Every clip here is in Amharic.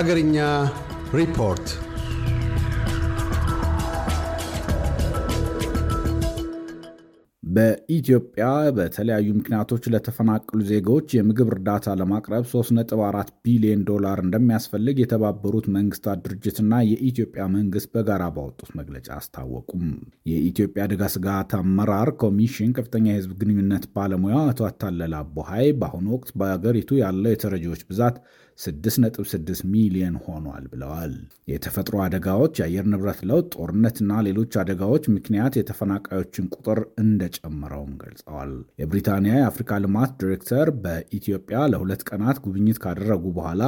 ሀገርኛ ሪፖርት በኢትዮጵያ በተለያዩ ምክንያቶች ለተፈናቀሉ ዜጋዎች የምግብ እርዳታ ለማቅረብ 3.4 ቢሊዮን ዶላር እንደሚያስፈልግ የተባበሩት መንግስታት ድርጅትና የኢትዮጵያ መንግስት በጋራ ባወጡት መግለጫ አስታወቁም። የኢትዮጵያ አደጋ ስጋት አመራር ኮሚሽን ከፍተኛ የህዝብ ግንኙነት ባለሙያ አቶ አታለላ ቦሃይ በአሁኑ ወቅት በአገሪቱ ያለው የተረጂዎች ብዛት 6.6 ሚሊዮን ሆኗል ብለዋል። የተፈጥሮ አደጋዎች፣ የአየር ንብረት ለውጥ፣ ጦርነትና ሌሎች አደጋዎች ምክንያት የተፈናቃዮችን ቁጥር እንደጨመረውም ገልጸዋል። የብሪታንያ የአፍሪካ ልማት ዲሬክተር በኢትዮጵያ ለሁለት ቀናት ጉብኝት ካደረጉ በኋላ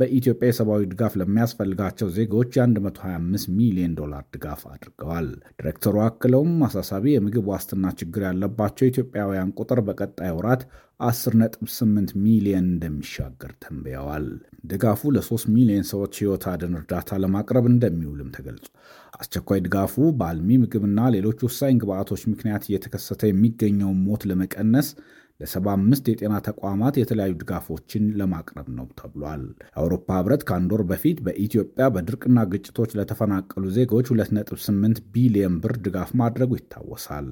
በኢትዮጵያ የሰብአዊ ድጋፍ ለሚያስፈልጋቸው ዜጎች የ125 ሚሊዮን ዶላር ድጋፍ አድርገዋል። ዲሬክተሩ አክለውም አሳሳቢ የምግብ ዋስትና ችግር ያለባቸው ኢትዮጵያውያን ቁጥር በቀጣይ ወራት 10.8 ሚሊዮን እንደሚሻገር ተንብየዋል። ድጋፉ ለ3 ሚሊዮን ሰዎች ሕይወት አድን እርዳታ ለማቅረብ እንደሚውልም ተገልጿል። አስቸኳይ ድጋፉ በአልሚ ምግብና ሌሎች ወሳኝ ግብዓቶች ምክንያት እየተከሰተ የሚገኘውን ሞት ለመቀነስ ለ75 የጤና ተቋማት የተለያዩ ድጋፎችን ለማቅረብ ነው ተብሏል። የአውሮፓ ህብረት ከአንድ ወር በፊት በኢትዮጵያ በድርቅና ግጭቶች ለተፈናቀሉ ዜጎች 2.8 ቢሊዮን ብር ድጋፍ ማድረጉ ይታወሳል።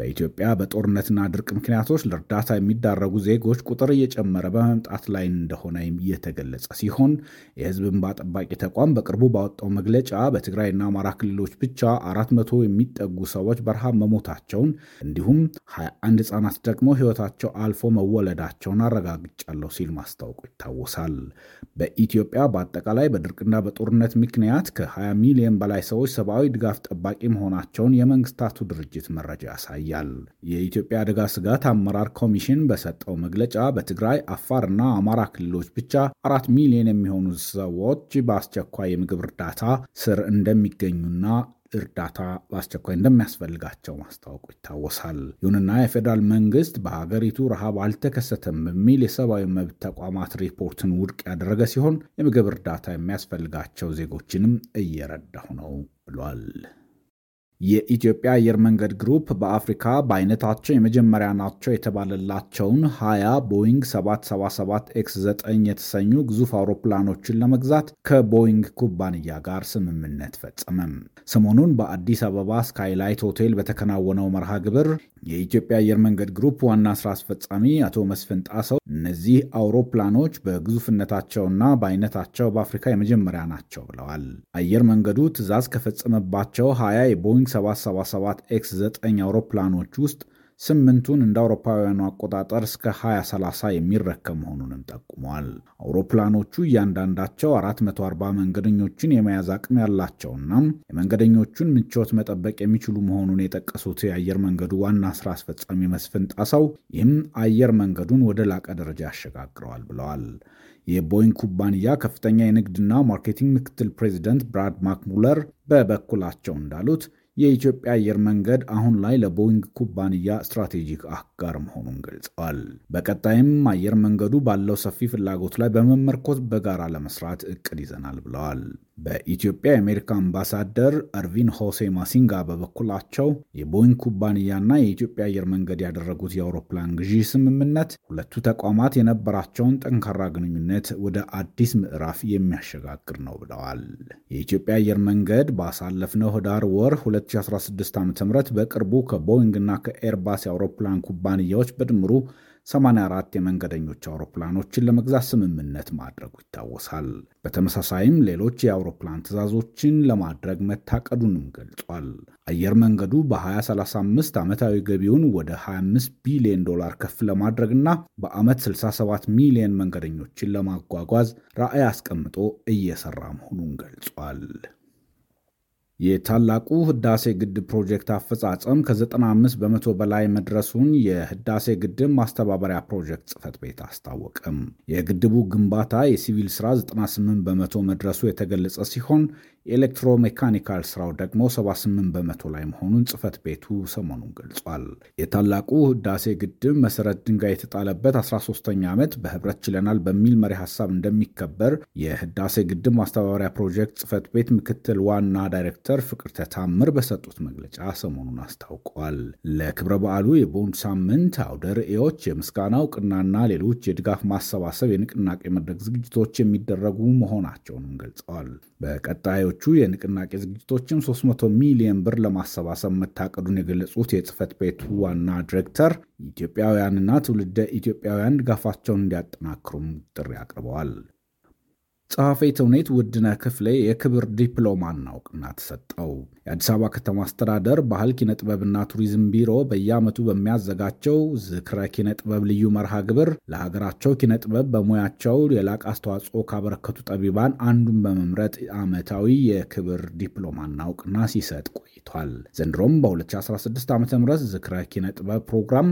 በኢትዮጵያ በጦርነትና ድርቅ ምክንያቶች ለእርዳታ የሚዳረጉ ዜጎች ቁጥር እየጨመረ በመምጣት ላይ እንደሆነ እየተገለጸ ሲሆን የህዝብ እንባ ጠባቂ ተቋም በቅርቡ ባወጣው መግለጫ በትግራይና አማራ ክልሎች ብቻ 400 የሚጠጉ ሰዎች በረሃብ መሞታቸውን እንዲሁም 21 ህጻናት ደግሞ ህይወታቸው አልፎ መወለዳቸውን አረጋግጫለሁ ሲል ማስታወቁ ይታወሳል። በኢትዮጵያ በአጠቃላይ በድርቅና በጦርነት ምክንያት ከ20 ሚሊዮን በላይ ሰዎች ሰብአዊ ድጋፍ ጠባቂ መሆናቸውን የመንግስታቱ ድርጅት መረጃ ያሳያል። የኢትዮጵያ አደጋ ስጋት አመራር ኮሚሽን በሰጠው መግለጫ በትግራይ አፋርና አማራ ክልሎች ብቻ አራት ሚሊዮን የሚሆኑ ሰዎች በአስቸኳይ የምግብ እርዳታ ስር እንደሚገኙና እርዳታ በአስቸኳይ እንደሚያስፈልጋቸው ማስታወቁ ይታወሳል። ይሁንና የፌዴራል መንግስት በሀገሪቱ ረሃብ አልተከሰተም በሚል የሰብአዊ መብት ተቋማት ሪፖርትን ውድቅ ያደረገ ሲሆን የምግብ እርዳታ የሚያስፈልጋቸው ዜጎችንም እየረዳሁ ነው ብሏል። የኢትዮጵያ አየር መንገድ ግሩፕ በአፍሪካ በአይነታቸው የመጀመሪያ ናቸው የተባለላቸውን 20 ቦይንግ 777 ኤክስ 9 የተሰኙ ግዙፍ አውሮፕላኖችን ለመግዛት ከቦይንግ ኩባንያ ጋር ስምምነት ፈጸመም። ሰሞኑን በአዲስ አበባ ስካይላይት ሆቴል በተከናወነው መርሃ ግብር የኢትዮጵያ አየር መንገድ ግሩፕ ዋና ስራ አስፈጻሚ አቶ መስፍን ጣሰው እነዚህ አውሮፕላኖች በግዙፍነታቸውና በአይነታቸው በአፍሪካ የመጀመሪያ ናቸው ብለዋል። አየር መንገዱ ትዕዛዝ ከፈጸመባቸው 20 የቦይንግ 777 ኤክስ 9 አውሮፕላኖች ውስጥ ስምንቱን እንደ አውሮፓውያኑ አቆጣጠር እስከ 2030 የሚረከብ መሆኑንም ጠቁመዋል። አውሮፕላኖቹ እያንዳንዳቸው 440 መንገደኞችን የመያዝ አቅም ያላቸውና የመንገደኞቹን ምቾት መጠበቅ የሚችሉ መሆኑን የጠቀሱት የአየር መንገዱ ዋና ስራ አስፈጻሚ መስፍን ጣሳው፣ ይህም አየር መንገዱን ወደ ላቀ ደረጃ ያሸጋግረዋል ብለዋል። የቦይንግ ኩባንያ ከፍተኛ የንግድና ማርኬቲንግ ምክትል ፕሬዚደንት ብራድ ማክሙለር በበኩላቸው እንዳሉት የኢትዮጵያ አየር መንገድ አሁን ላይ ለቦይንግ ኩባንያ ስትራቴጂክ አጋር መሆኑን ገልጸዋል። በቀጣይም አየር መንገዱ ባለው ሰፊ ፍላጎት ላይ በመመርኮዝ በጋራ ለመስራት እቅድ ይዘናል ብለዋል። በኢትዮጵያ የአሜሪካ አምባሳደር እርቪን ሆሴ ማሲንጋ በበኩላቸው የቦይንግ ኩባንያና የኢትዮጵያ አየር መንገድ ያደረጉት የአውሮፕላን ግዢ ስምምነት ሁለቱ ተቋማት የነበራቸውን ጠንካራ ግንኙነት ወደ አዲስ ምዕራፍ የሚያሸጋግር ነው ብለዋል። የኢትዮጵያ አየር መንገድ ባሳለፍነው ህዳር ወር 2016 ዓ ም በቅርቡ ከቦይንግና ከኤርባስ የአውሮፕላን ኩባንያዎች በድምሩ 84 የመንገደኞች አውሮፕላኖችን ለመግዛት ስምምነት ማድረጉ ይታወሳል። በተመሳሳይም ሌሎች የአውሮፕላን ትዕዛዞችን ለማድረግ መታቀዱንም ገልጿል። አየር መንገዱ በ2035 ዓመታዊ ገቢውን ወደ 25 ቢሊዮን ዶላር ከፍ ለማድረግና በዓመት 67 ሚሊዮን መንገደኞችን ለማጓጓዝ ራዕይ አስቀምጦ እየሰራ መሆኑን ገልጿል። የታላቁ ህዳሴ ግድብ ፕሮጀክት አፈጻጸም ከ95 በመቶ በላይ መድረሱን የህዳሴ ግድብ ማስተባበሪያ ፕሮጀክት ጽህፈት ቤት አስታወቅም። የግድቡ ግንባታ የሲቪል ስራ 98 በመቶ መድረሱ የተገለጸ ሲሆን የኤሌክትሮሜካኒካል ስራው ደግሞ 78 በመቶ ላይ መሆኑን ጽህፈት ቤቱ ሰሞኑን ገልጿል። የታላቁ ህዳሴ ግድብ መሰረት ድንጋይ የተጣለበት 13ኛ ዓመት በህብረት ችለናል በሚል መሪ ሀሳብ እንደሚከበር የህዳሴ ግድብ ማስተባበሪያ ፕሮጀክት ጽህፈት ቤት ምክትል ዋና ዳይሬክተር ፍቅር ተታምር በሰጡት መግለጫ ሰሞኑን አስታውቋል። ለክብረ በዓሉ የቦንድ ሳምንት አውደ ርዕዮች፣ የምስጋና እውቅናና ሌሎች የድጋፍ ማሰባሰብ የንቅናቄ መድረክ ዝግጅቶች የሚደረጉ መሆናቸውንም ገልጸዋል። በቀጣዩ ለቀሪዎቹ የንቅናቄ ዝግጅቶችም 300 ሚሊዮን ብር ለማሰባሰብ መታቀዱን የገለጹት የጽህፈት ቤቱ ዋና ዲሬክተር ኢትዮጵያውያንና ትውልደ ኢትዮጵያውያን ድጋፋቸውን እንዲያጠናክሩም ጥሪ አቅርበዋል። ጸሐፌ ተውኔት ውድነ ክፍሌ የክብር ዲፕሎማና እውቅና ተሰጠው። የአዲስ አበባ ከተማ አስተዳደር ባህል ኪነ ጥበብና ቱሪዝም ቢሮ በየዓመቱ በሚያዘጋጀው ዝክረ ኪነ ጥበብ ልዩ መርሃ ግብር ለሀገራቸው ኪነ ጥበብ በሙያቸው የላቅ አስተዋጽኦ ካበረከቱ ጠቢባን አንዱን በመምረጥ ዓመታዊ የክብር ዲፕሎማና እውቅና ሲሰጥ ቆይቷል። ዘንድሮም በ2016 ዓ ም ዝክረ ኪነ ጥበብ ፕሮግራም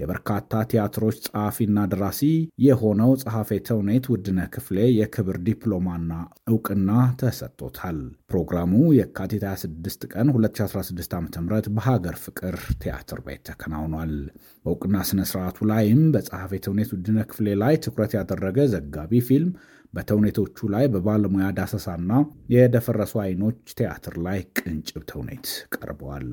የበርካታ ቲያትሮች ጸሐፊና ደራሲ የሆነው ጸሐፌ ተውኔት ውድነህ ክፍሌ የክብር ዲፕሎማና እውቅና ተሰጥቶታል። ፕሮግራሙ የካቲት 26 ቀን 2016 ዓ ም በሀገር ፍቅር ቲያትር ቤት ተከናውኗል። በእውቅና ስነ ስርዓቱ ላይም በጸሐፌ ተውኔት ውድነህ ክፍሌ ላይ ትኩረት ያደረገ ዘጋቢ ፊልም በተውኔቶቹ ላይ በባለሙያ ዳሰሳና የደፈረሱ አይኖች ቲያትር ላይ ቅንጭብ ተውኔት ቀርበዋል።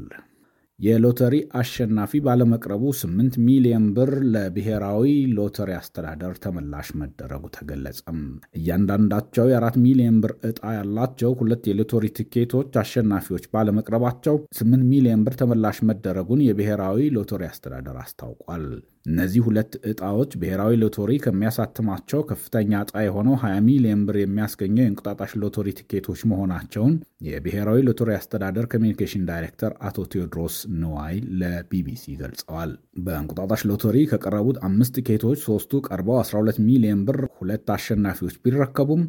የሎተሪ አሸናፊ ባለመቅረቡ 8 ሚሊዮን ብር ለብሔራዊ ሎተሪ አስተዳደር ተመላሽ መደረጉ ተገለጸም። እያንዳንዳቸው የ4 ሚሊዮን ብር ዕጣ ያላቸው ሁለት የሎተሪ ትኬቶች አሸናፊዎች ባለመቅረባቸው 8 ሚሊዮን ብር ተመላሽ መደረጉን የብሔራዊ ሎተሪ አስተዳደር አስታውቋል። እነዚህ ሁለት እጣዎች ብሔራዊ ሎቶሪ ከሚያሳትማቸው ከፍተኛ እጣ የሆነው 20 ሚሊዮን ብር የሚያስገኘው የእንቁጣጣሽ ሎቶሪ ቲኬቶች መሆናቸውን የብሔራዊ ሎቶሪ አስተዳደር ኮሚኒኬሽን ዳይሬክተር አቶ ቴዎድሮስ ንዋይ ለቢቢሲ ገልጸዋል። በእንቁጣጣሽ ሎቶሪ ከቀረቡት አምስት ቲኬቶች ሶስቱ ቀርበው 12 ሚሊዮን ብር ሁለት አሸናፊዎች ቢረከቡም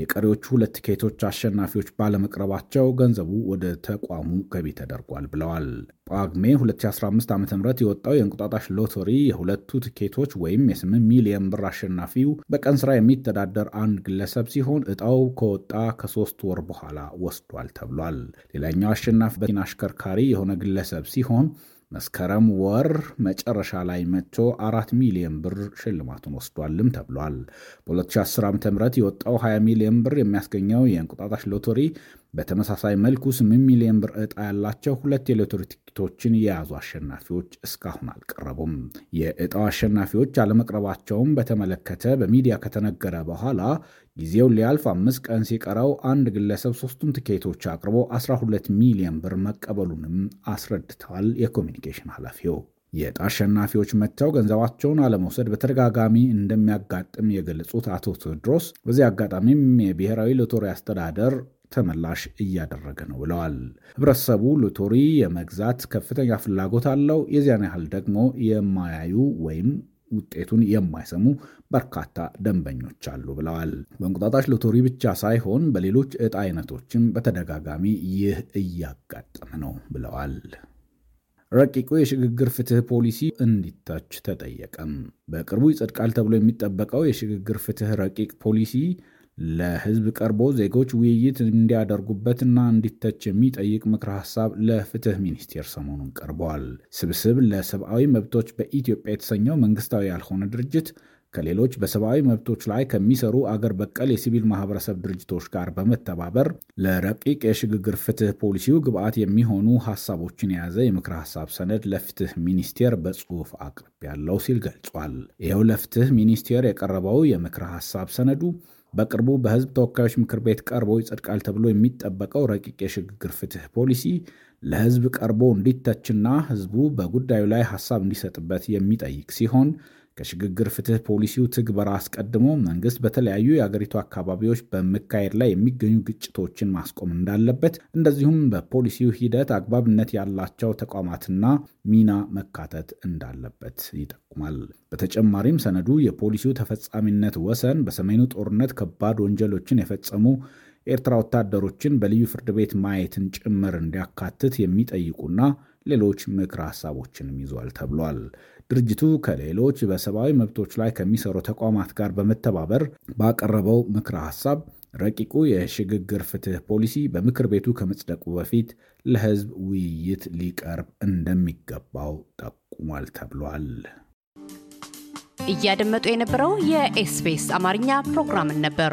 የቀሪዎቹ ሁለት ትኬቶች አሸናፊዎች ባለመቅረባቸው ገንዘቡ ወደ ተቋሙ ገቢ ተደርጓል ብለዋል። ጳጉሜ 2015 ዓ ም የወጣው የእንቁጣጣሽ ሎተሪ የሁለቱ ትኬቶች ወይም የ8 ሚሊዮን ብር አሸናፊው በቀን ስራ የሚተዳደር አንድ ግለሰብ ሲሆን እጣው ከወጣ ከሶስት ወር በኋላ ወስዷል ተብሏል። ሌላኛው አሸናፊ በኪና አሽከርካሪ የሆነ ግለሰብ ሲሆን መስከረም ወር መጨረሻ ላይ መጥቶ አራት ሚሊዮን ብር ሽልማቱን ወስዷልም ተብሏል። በ2010 ዓ ም የወጣው 20 ሚሊዮን ብር የሚያስገኘው የእንቁጣጣሽ ሎተሪ በተመሳሳይ መልኩ 8 ሚሊዮን ብር ዕጣ ያላቸው ሁለት የሎተሪ ትኬቶችን የያዙ አሸናፊዎች እስካሁን አልቀረቡም። የዕጣው አሸናፊዎች አለመቅረባቸውን በተመለከተ በሚዲያ ከተነገረ በኋላ ጊዜው ሊያልፍ አምስት ቀን ሲቀረው አንድ ግለሰብ ሶስቱን ትኬቶች አቅርቦ 12 ሚሊዮን ብር መቀበሉንም አስረድተዋል የኮሚኒኬሽን ኃላፊው። የዕጣ አሸናፊዎች መጥተው ገንዘባቸውን አለመውሰድ በተደጋጋሚ እንደሚያጋጥም የገለጹት አቶ ቴዎድሮስ በዚህ አጋጣሚም የብሔራዊ ሎተሪ አስተዳደር ተመላሽ እያደረገ ነው ብለዋል። ህብረተሰቡ ሎተሪ የመግዛት ከፍተኛ ፍላጎት አለው። የዚያን ያህል ደግሞ የማያዩ ወይም ውጤቱን የማይሰሙ በርካታ ደንበኞች አሉ ብለዋል። በእንቁጣጣሽ ሎተሪ ብቻ ሳይሆን በሌሎች ዕጣ አይነቶችም በተደጋጋሚ ይህ እያጋጠመ ነው ብለዋል። ረቂቁ የሽግግር ፍትህ ፖሊሲ እንዲታች ተጠየቀም። በቅርቡ ይጸድቃል ተብሎ የሚጠበቀው የሽግግር ፍትህ ረቂቅ ፖሊሲ ለህዝብ ቀርቦ ዜጎች ውይይት እንዲያደርጉበትና እንዲተች የሚጠይቅ ምክረ ሀሳብ ለፍትህ ሚኒስቴር ሰሞኑን ቀርበዋል። ስብስብ ለሰብአዊ መብቶች በኢትዮጵያ የተሰኘው መንግስታዊ ያልሆነ ድርጅት ከሌሎች በሰብአዊ መብቶች ላይ ከሚሰሩ አገር በቀል የሲቪል ማህበረሰብ ድርጅቶች ጋር በመተባበር ለረቂቅ የሽግግር ፍትህ ፖሊሲው ግብዓት የሚሆኑ ሀሳቦችን የያዘ የምክረ ሀሳብ ሰነድ ለፍትህ ሚኒስቴር በጽሁፍ አቅርቤያለሁ ሲል ገልጿል። ይኸው ለፍትህ ሚኒስቴር የቀረበው የምክረ ሀሳብ ሰነዱ በቅርቡ በህዝብ ተወካዮች ምክር ቤት ቀርቦ ይጸድቃል ተብሎ የሚጠበቀው ረቂቅ የሽግግር ፍትህ ፖሊሲ ለህዝብ ቀርቦ እንዲተችና ህዝቡ በጉዳዩ ላይ ሀሳብ እንዲሰጥበት የሚጠይቅ ሲሆን ከሽግግር ፍትህ ፖሊሲው ትግበራ አስቀድሞ መንግስት በተለያዩ የአገሪቱ አካባቢዎች በመካሄድ ላይ የሚገኙ ግጭቶችን ማስቆም እንዳለበት፣ እንደዚሁም በፖሊሲው ሂደት አግባብነት ያላቸው ተቋማትና ሚና መካተት እንዳለበት ይጠቁማል። በተጨማሪም ሰነዱ የፖሊሲው ተፈጻሚነት ወሰን በሰሜኑ ጦርነት ከባድ ወንጀሎችን የፈጸሙ ኤርትራ ወታደሮችን በልዩ ፍርድ ቤት ማየትን ጭምር እንዲያካትት የሚጠይቁና ሌሎች ምክር ሀሳቦችንም ይዟል ተብሏል። ድርጅቱ ከሌሎች በሰብአዊ መብቶች ላይ ከሚሰሩ ተቋማት ጋር በመተባበር ባቀረበው ምክረ ሀሳብ ረቂቁ የሽግግር ፍትህ ፖሊሲ በምክር ቤቱ ከመጽደቁ በፊት ለሕዝብ ውይይት ሊቀርብ እንደሚገባው ጠቁሟል ተብሏል። እያደመጡ የነበረው የኤስቢኤስ አማርኛ ፕሮግራምን ነበር።